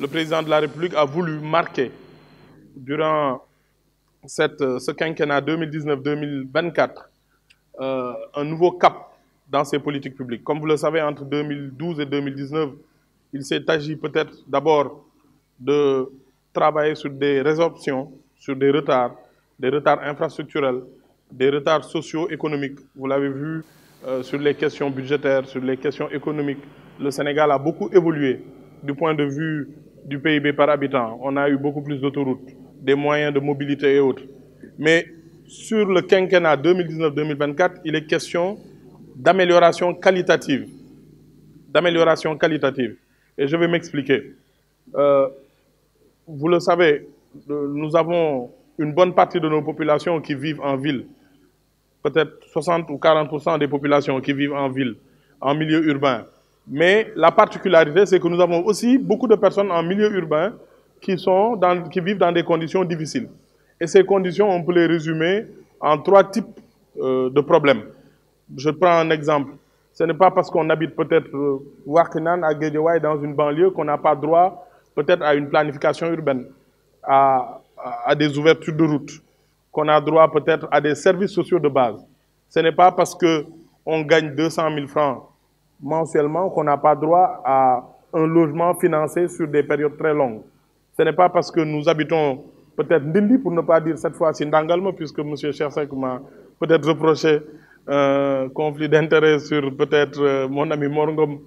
le président de la République a voulu marquer durant cette, euh, ce quinquennat 2019-2024 euh, un nouveau cap dans ses politiques publiques. Comme vous le savez, entre 2012 et 2019, il s'est agi peut-être d'abord de travailler sur des résorptions, sur des retards, des retards infrastructurels, des retards socio-économiques. Vous l'avez vu euh, sur les questions budgétaires, sur les questions économiques. Le Sénégal a beaucoup évolué du point de vue du PIB par habitant, on a eu beaucoup plus d'autoroutes, des moyens de mobilité et autres. Mais sur le quinquennat 2019-2024, il est question d'amélioration qualitative. D'amélioration qualitative. Et je vais m'expliquer. Euh, vous le savez, euh, nous avons une bonne partie de nos populations qui vivent en ville. Peut-être 60 ou 40% des populations qui vivent en ville, en milieu urbain. Mais la particularité, c'est que nous avons aussi beaucoup de personnes en milieu urbain qui, sont qui vivent dans des conditions difficiles. Et ces conditions, on peut les résumer en trois types euh, de problèmes. Je prends un exemple. Ce n'est pas parce qu'on habite peut-être euh, à Gedewaï dans une banlieue, qu'on n'a pas droit peut-être à une planification urbaine, à, des ouvertures de routes, qu'on a droit peut-être à des services sociaux de base. Ce n'est pas parce qu'on gagne 200 000 francs mensuellement qu'on n'a pas droit à un logement financé sur des périodes très longues. Ce n'est pas parce que nous habitons peut-être Ndindi, pour ne pas dire cette fois-ci Ndangalma, puisque M. Chersek m'a peut-être reproché un euh, conflit d'intérêts sur peut-être euh, mon ami Morgom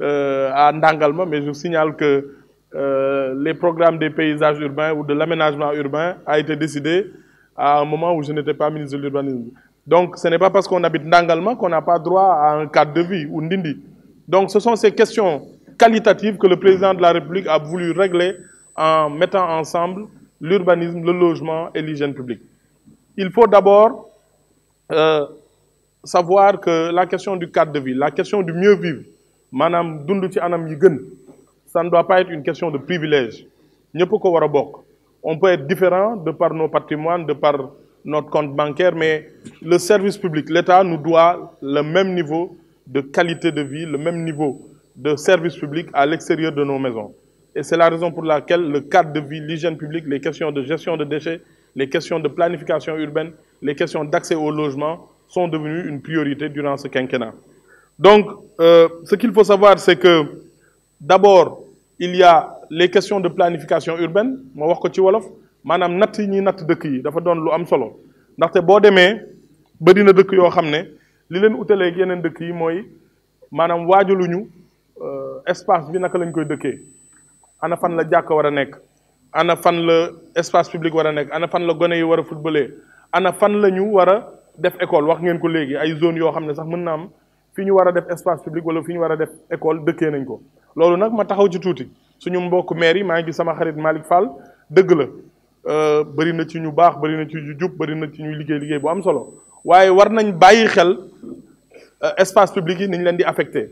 euh, à Ndangalma, mais je signale que les programmes des paysages urbains ou de l'aménagement urbain a été décidé à un moment où je n'étais pas ministre de l'urbanisme. Donc ce n'est pas parce qu'on habite Ndangalma qu'on n'a pas droit à un cadre de vie ou Donc ce sont ces questions qualitatives que le président de la République a voulu régler en mettant ensemble l'urbanisme, le logement et l'hygiène publique. Il faut d'abord euh, savoir que la question du cadre de vie, la question du mieux vivre, Madame ça ne doit pas être une question de privilège. On peut être différent de par nos patrimoines, de par notre compte bancaire, mais le service public, l'État nous doit le même niveau de qualité de vie, le même niveau de service public à l'extérieur de nos maisons. Et c'est la raison pour laquelle le cadre de vie, l'hygiène publique, les questions de gestion de déchets, les questions de planification urbaine, les questions d'accès au logement sont devenues une priorité durant ce quinquennat. Donc, euh, ce qu'il faut savoir, c'est que d'abord, il y a les questions de planification urbaine, maanaam natt yi ñuy natt dëkk yi dafa doon lu am solo ndaxte boo demee bëri na dëkk yoo xam ne li leen utaleeg yeneen dëkk yi mooy maanaam waajaluñu euh, espace bi naka lañ koy dëkkee ana fan la jàkk war a nekk ana fan la espace public war nekk ana fan la gone yi war a footballer ana fan la ñu war a def école wax ngeen ko léegi ay zone yoo xam ne sax mën naa am fi ñu war a def espace public wala fi ñu war a def école dëkkee nañ ko loolu nag ma taxaw ci tuuti suñu mbokk maire yi maa ngi gis sama xarit Malick Fall dëgg la Euh, bëri na ci ñu baax bëri na ci ñu jub bëri na ci ñu liggéey liggéey bu am solo waaye war nañ bàyyi xel euh, espace public yi ni leen di affecté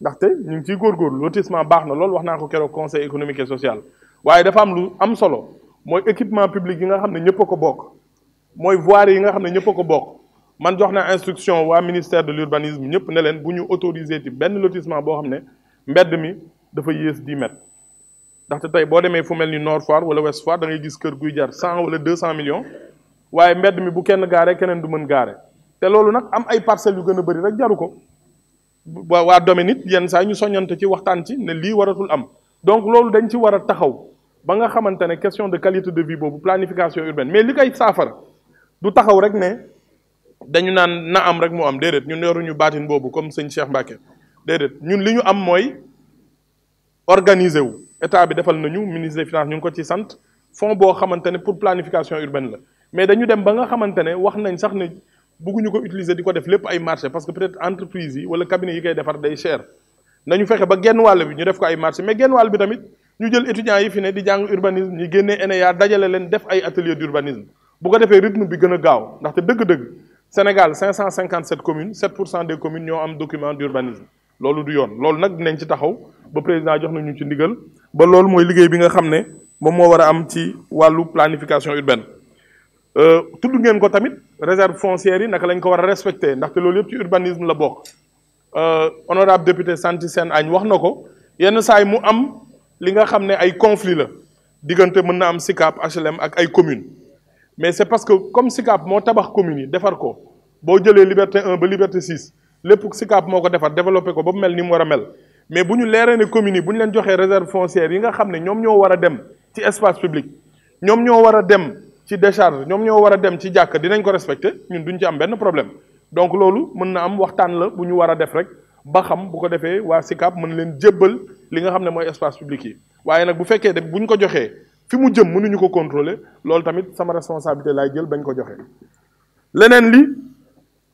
ndaxte ñu ngi ciy góorgóorlu lotissement baax na lool wax naa ko keroog conseil économique et social waaye dafa am lu am solo mooy équipement public yi nga xam ne ñëpp a ko bokk mooy voirie yi nga xam ne ñëpp a ko bokk man jox naa instruction waa ministère de l'urbanisme ñëpp ne leen bu ñu autoriser ci benn lotissement boo xam ne mbedd mi dafa yées 10 mètres ndaxte tey boo demee fu mel ni Nord Foire wala West Foire da ngay gis kër guy jar cent wala deux cent millions waaye mbedd mi bu kenn gaaree keneen du mën gaare te loolu nag am ay parcelles yu gën a bëri rek jaru ko waa domaine yenn saa ñu soññante ci waxtaan ci ne lii waratul am donc loolu dañ ci war a taxaw ba nga xamante ne question de qualité de vie boobu planification urbaine mais li koy saafara du taxaw rek ne dañu naan na am rek mu am déedéet ñun yoruñu baatin boobu comme sëñ Cheikh Mbacke déedéet ñun li ñu am mooy organiser wu état bi defal nañu ministre des finances ñu ko ci sante fonds bo xamante pour planification urbaine la mais dañu dem ba nga xamante wax nañ sax ne bëgguñu ko utiliser diko def lépp ay marché parce que peut-être entreprise yi wala cabinet yi koy defar day cher nañu fexé ba genn wàll bi ñu def ko ay marché mais genn wàll bi tamit ñu jël étudiants yi fi ne di jàng urbanisme ñu génnee ENEA dajale leen def ay atelier d'urbanisme bu ko defee rythme bi gën a gaaw ndaxte dëgg-dëgg Sénégal 557 communes 7 des communes ñoo am document d'urbanisme loolu du yoon loolu nag dinañ ci taxaw ba président jox nañu ci ndigal ba loolu mooy liggéey planification urbaine euh, tudd ngeen ko tamit réserve foncière yi naka lañ a respecté urbanisme euh, honorable député Santi Agne yenn saay mu am li nga am SICAP HLM ak ay communes mais c'est parce que comme SICAP moo tabax commune. yi ko boo liberté 1 ba liberté 6 lépp SICAP ko ba mel ni mais si nous leeree ne communes leen réserve foncière yi nga dem public Nous ñoo des décharges, dem ci décharge ñoom ñoo avons ko nous ñun duñ problème donc nous avons na am nous avons bu wara Nous avons def rek ba xam bu ko nous avons SICAP mën leen avons public yi de ko fi mu ko contrôler avons tamit sama responsabilité avons jël bañ ko avons li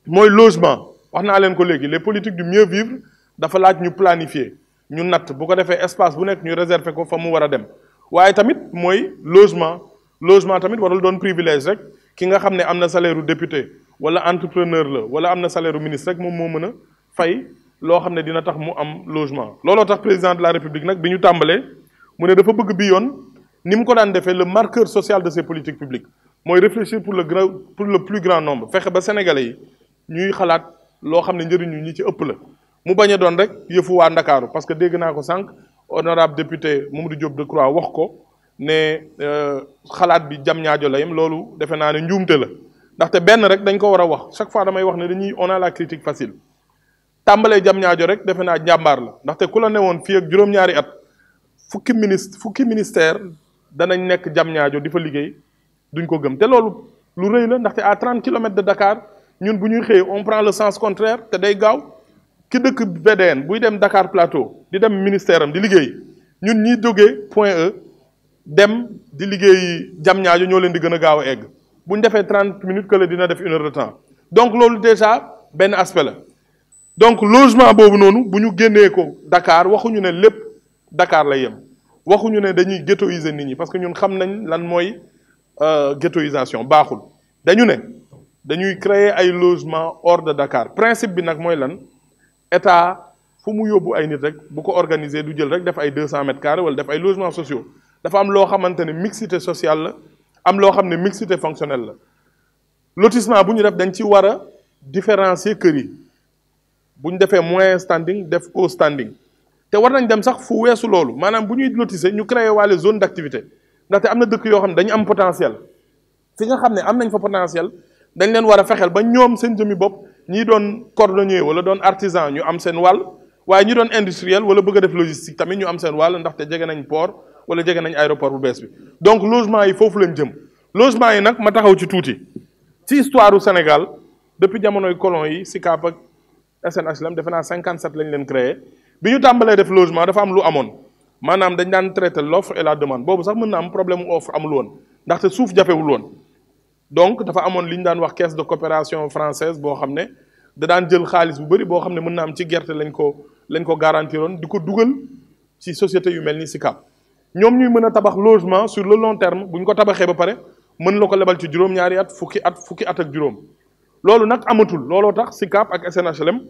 le logement leen les politiques du mieux vivre dafa laaj ñu planifier ñu natt bu ko defee espace bu n'êtes ñu réserver ko fa mu war a dem tamit mooy logement logement tamit warul doon privilège rek ki nga xam ne salaire du député wala entrepreneur la wala am salaire u ministre rek moom moo mën a fay loo dina tax mu am logement looloo tax président de la république n'a bi ñu tàmbalee mu ne dafa bëgg bi yoon ni mu ko daan defee le marqueur social de ces politiques publiques moi réfléchir pour le grand pour le plus grand nombre fexe ba sénégalais yi ñuy y loo xam ne njëriñu ñi ci ëpp la mu baña rek Dakar. parce que dégg que sank honorable député Mamadou Diop de wax ko euh xalaat bi jam ñaajo benn rek dañ ko wara wax chaque fois damay wax né dañuy on a la critique facile tambalé jam ñaajo rek na jambar la la fi ak ñaari at fukki ministre fukki ministère danañ nekk jam ñaajo difa duñ ko gëm té lu la à 30 km de Dakar ñun bu on prend le sens contraire té day ki dëkk BDN, buy dem Dakar Plateau di dem ministère am di nous ñun ñi Point E dem di liggéey Diamniadio ñoo leen di gëna a gaaw egg bu défé 30 minutes que le dina def une heure de temps donc lolu déjà ben aspect la donc logement bobu nonu buñu ñu ko Dakar ñu né lepp Dakar yëm waxu ñu né dañuy ghettoiser nit ñi parce que ñun xam nañ lan euh ghettoisation baaxul dañu né dañuy créer ay logement hors de Dakar principe bi nak moy lan état fu mu ay nit rek bu ko organiser du jël rek def ay 200 mètres carrés wala def ay logements sociaux dafa am loo mixité sociale am mixité fonctionnelle lotissement différencier standing def standing te war nañ dem sax fu weesu loolu maanaam bu lotisser ñu créer zone d' activité ndaxte am na dëkk yoo xam am potentiel fi nga xam am nañ fa potentiel dañ leen a ba ñi doon cordonnier wala doon artisan ñu am sen wal waaye ñu doon industriel wala bëgg def logistique tamit ñu am sen wal ndax ndaxte jégué nañ port wala jégué nañ aéroport bu bees bi donc logement yi foofu lañ jëm logement yi nak ma taxaw ci touti ci histoire du Sénégal depuis jamonoy colon yi SICAP ak SNHLM lam defena 57 lañ leen créer bi ñu tàmbalee def logement dafa am lu amone manam dañ dan traiter l'offre et la demande bobu sax mën na am problème offre amul woon ndaxte suuf jafewul won donc dafa amone liñ dan wax caisse de coopération française bo xamné ne da daan jël xaalis bu bari bo xamné ne mën na am ci gerte lañ ko lañ ko garantiroon diko duggal ci société yu melni ni SICAP ñoom ñuy mëna tabax logement sur le long terme buñ ko tabaxé ba paré mën lako lebal ci juroom ñaari at fukki at fukki at ak juroom loolu nak amatul looloo tax SICAP ak SNHLM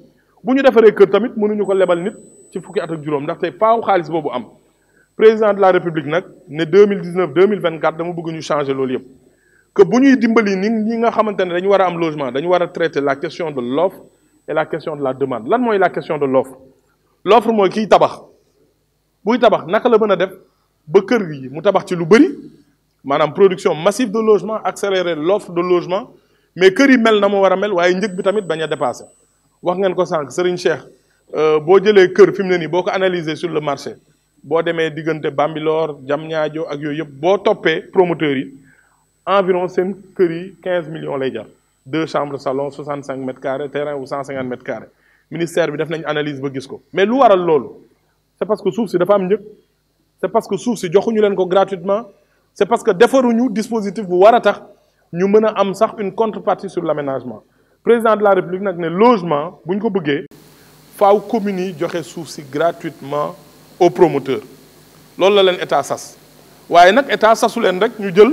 buñu ñu defaree kër tamit mënuñu ko lebal nit ci fukki at ak juroom ndax ndaxte faaw xaalis bobu am président de la république nak né 2019 2024 dama bëgg ñu changer loolu yépp que bu ñuy dimbali ni logement dañu war traiter la question de l'offre et la question de la demande lan mooy la question de l'offre l'offre mooy kiy tabax buy tabax naka la def ba kër mu tabax ci production massive de logement accélérer l'offre de logement mais kër yi mel na mu war mel waaye njëg bi tamit bañ dépasser wax ngeen ko Cheikh analyser sur le marché boo Bambilor ak topé environ 15 millions de jar deux chambres salon 65 mètres carrés terrain ou 150 mètres carrés ministère bi def une analyse ba gis ko mais lu waral c'est parce que suuf si dafa am c'est parce que suuf si joxuñu leen ko gratuitement c'est parce que defaruñu dispositif bu war a tax ñu mën a am sax une contrepartie sur l'aménagement président de la république nag ne logement Il a ko bëggee faaw commune gratuitement aux promoteurs loolu la leen état sas waaye nag état sasu leen rek ñu jël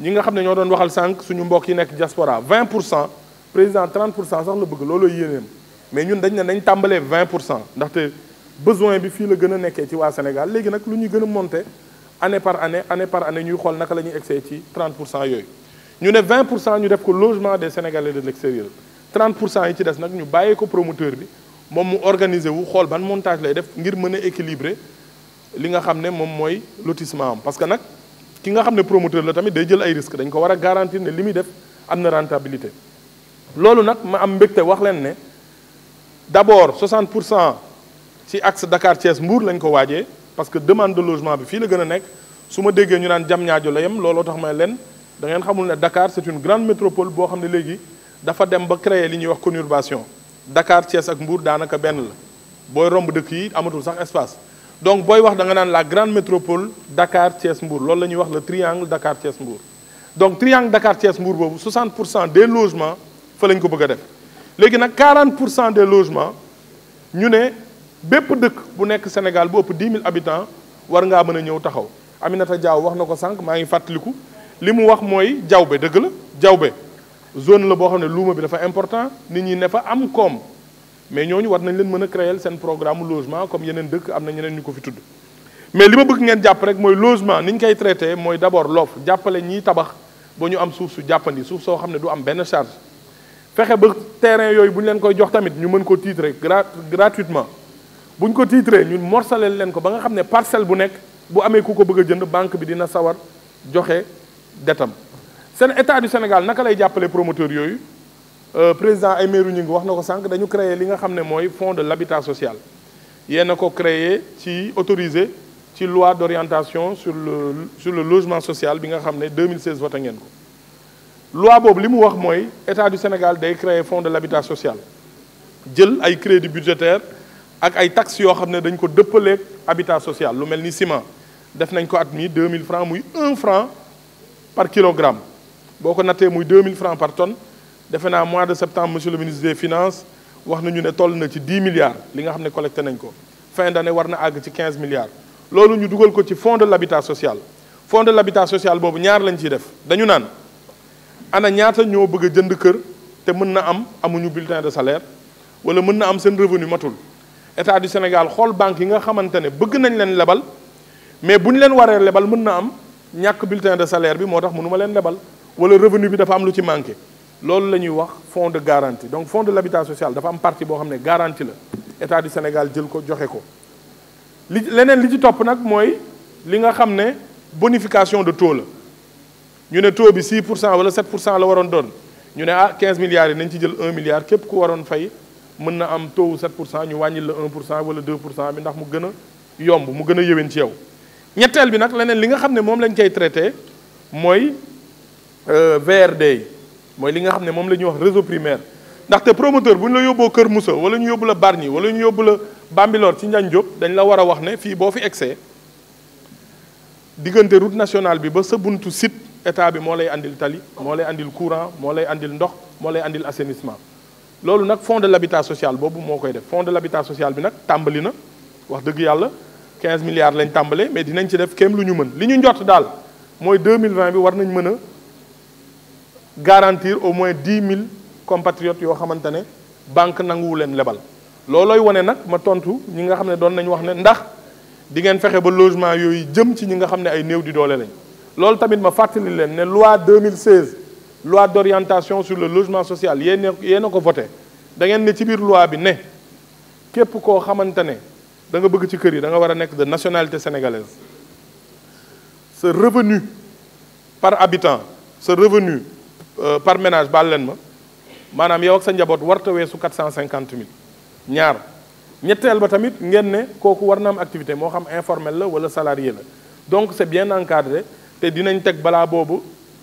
ñi nga xam ne ñoo doon waxal sànq suñu mbokk yi nekk diaspora 20 pour cent président 30 pour cent sax la bëgg looloo yéeneem mais ñun dañ ne nañ tàmbalee 20 pour cent ndaxte besoin bi fii la gën a nekkee ci waa Sénégal léegi nag lu ñuy gën a monter année par année année par année ñuy xool naka la ñuy ci 30 pour cent yooyu. ñu ne 20 pour cent ñu def ko logement des Sénégalais de l'extérieur 30 pour cent yi ci des nag ñu bàyyee ko promoteur bi moom mu organiser wu xool ban montage lay def ngir mën a équilibrer li nga xam ne moom mooy lotissement am parce que nag. ki nga xam ne promoteur la tamit day jël ay risque dañ ko war a garantir ne li muy def am na rentabilité loolu nag ma am mbégte wax leen ne d'abord 60 pour cent ci axe Dakar Thiès Mbour lañ ko waajee parce que demande de bi fii la gën a nekk su ma déggee ñu naan Diamniadio la yem looloo tax may leen da ngeen xamul ne Dakar c'est une grande métropole boo xam ne léegi dafa dem ba créer li ñuy wax conurbation Dakar Thiès ak mbuur daanaka benn la booy romb dëkk yi amatul sax espace donc vous wax la grande métropole Dakar Thiès Mbour la le triangle Dakar Thiès Mbour donc triangle Dakar Thiès 60 des logements il ñu 40 des logements nous ne bépp bu nek Sénégal bu 10 000 habitants war nga mëna ñëw taxaw Aminata Diaw wax nako sank ma ngi wax la zone la bo bi dafa important am mais ñooñu war nañ leen mën a créer seen programme logement comme yeneen dëkk am na ñeneen ñu ko fi tudd mais li ma bëgg ngeen jàpp rek mooy logement ni ñu koy traité mooy d'abord l'offre jàppale ñiy tabax ba ñu am suuf su jàppandi suuf soo xam ne du am benn charge fexe ba terrain yooyu bu ñu leen koy jox tamit ñu mën ko titrer gratuitement bu ñu ko titrer ñun morsaleel leen ko ba nga xam ne parcelle bu nekk bu amee ku ko bëgg a jënd banque bi dina sawar joxe detam seen état du Sénégal naka lay jàppale promoteur yooyu Euh, président Aymerou Gningue wax nako sank dañu créer li nga xamné fonds de l'habitat social Il a créer ci autorisé ci loi d'orientation sur le sur le logement social bi nga 2016 vota ngén ko loi boobu que l'État wax état du Sénégal day créer fonds de l'habitat social jël créé du budgétaire ak ay taxes yo xamné dañ ko dëppaleeg habitat social lu melni ciment def nañ ko 2000 francs muy 1 franc par kilogramme on naté moy muy 2000 francs par tonne defe naa mois de septembre monsieur le ministre des finances wax nañu ne toll na ci 10 milliards li nga xam ne collecté nañ ko fin d'année war na àgg ci 15 milliards loolu ñu dugal ko ci fonds de l'habitat social fonds de l'habitat social boobu ñaar lañ ciy def dañu naan ana ñaata ñoo bëgg a jënd kër te mën am amuñu bulletin de salaire wala mën na am seen revenu matul état du Sénégal xool banque yi nga xamante ne bëgg nañ leen lebal mais bu ñu leen waree lebal mën na am ñàkk bulletin de salaire bi moo tax mënu ma leen lebal wala revenu bi dafa am lu ci manqué loolu la ñuy wax fonds de garantie donc fonds de l'habitat social dafa am partie boo xam ne garantie la état du Sénégal jël ko joxe ko li leneen li ci topp nag mooy li nga xam ne bonification de taux la ñu ne taux bi 6 pour wala 7 pour cent la waroon doon ñu ne ah 15 milliards yi nañ ci jël 1 milliard képp ku waroon fay mën na am taux 7 pour cent ñu wàññil la 1 pour cent wala 2 pour cent bi ndax mu gën a yomb mu gën a yëwén ci yow ñetteel bi nag leneen li nga xam ne moom lañ cay traité mooy euh, VRD moy li nga xam mom moom la ñuy wax réseau primaire té promoteur buñ la yobbo Kër Moussa wala ñu yobbu la Bargny wala ñu yobbu la Bambilor ci Ndiagne Diop dañ la wara wax né fi bo fi excès digënté route nationale bi ba sa buntu site état bi mo lay andil tali mo lay andil courant mo lay andil ndox mo lay andil assainissement lolu nak fonds de l'habitat social bobu mo koy def fonds de l'habitat social bi nak tàmbali na wax deug yalla 15 milliards lañ tambalé mais dinañ ci def kéem lu ñu mën li ñu njott dal moy 2020 bi war nañ mëna garantir au moins dix mille compatriotes yoo xamante ne banque nanguwu leen lebal loolooy wane nak ma tontu ñi nga xam ne doon nañu wax ne ndax di ngeen fexe ba logement yooyu jëm ci ñi nga xam ne ay néew di doole lañ loolu tamit ma fàttali leen ne loi 2016 loi d'orientation sur le logement social yé yéen a ko voté da ngeen ne ci biir loi bi ne képp koo xamante ne da nga bëgg ci kër yi da nga war a de nationalité sénégalaise sa revenu par habitant sa revenu euh, par ménage balen ma manam yow ak sa njaboot warta weesu quatre cent cinquante ñaar ñetteel ba tamit ngeen ne kooku war na am activité mo xam informel la wala salarié la donc c'est bien encadré te dinañ tek bala bobu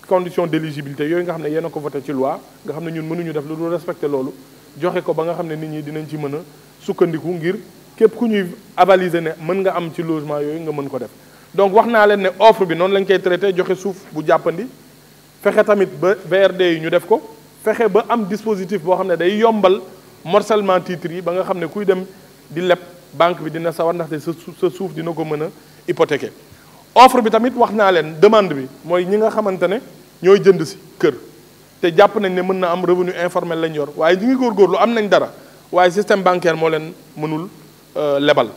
condition d'éligibilité yoy nga xam ne ko voté ci loi nga xam ñun mënuñu def lu do respecter lolu joxé ko ba nga xam nit ñi dinañ ci mëna a sukkandiku ngir képp ku ñuy avaliser ne mën nga am ci logement yooyu nga mën ko def donc wax naa leen ne offre bi noonu lañ koy traité joxe suuf bu jàppandi fexe tamit ba VRD yi ñu def ko fexe ba am dispositif boo xam ne day yombal morcellement titres yi ba nga xam ne kuy dem di leb banque bi dina sawar ndaxte sa sa suuf dina ko mën a hypothéquer offre bi tamit wax naa leen demande bi mooy ñi nga xamante ne ñooy jënd si kër te jàpp nañ ne mën na am revenu informel lañu yor waaye ñi ngi góorgóorlu am nañ dara waaye système bancaire moo leen mënul euh, lebal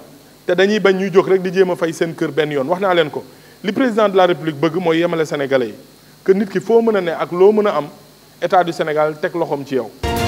te dañuy bañ ñuy jóg rek di jéem a fay seen kër benn yoon wax naa leen ko li président la république bëgg mooy yemale sénégalais yi que nit ki foo mën a ne ak loo mën a am état du Sénégal teg loxoom ci yow.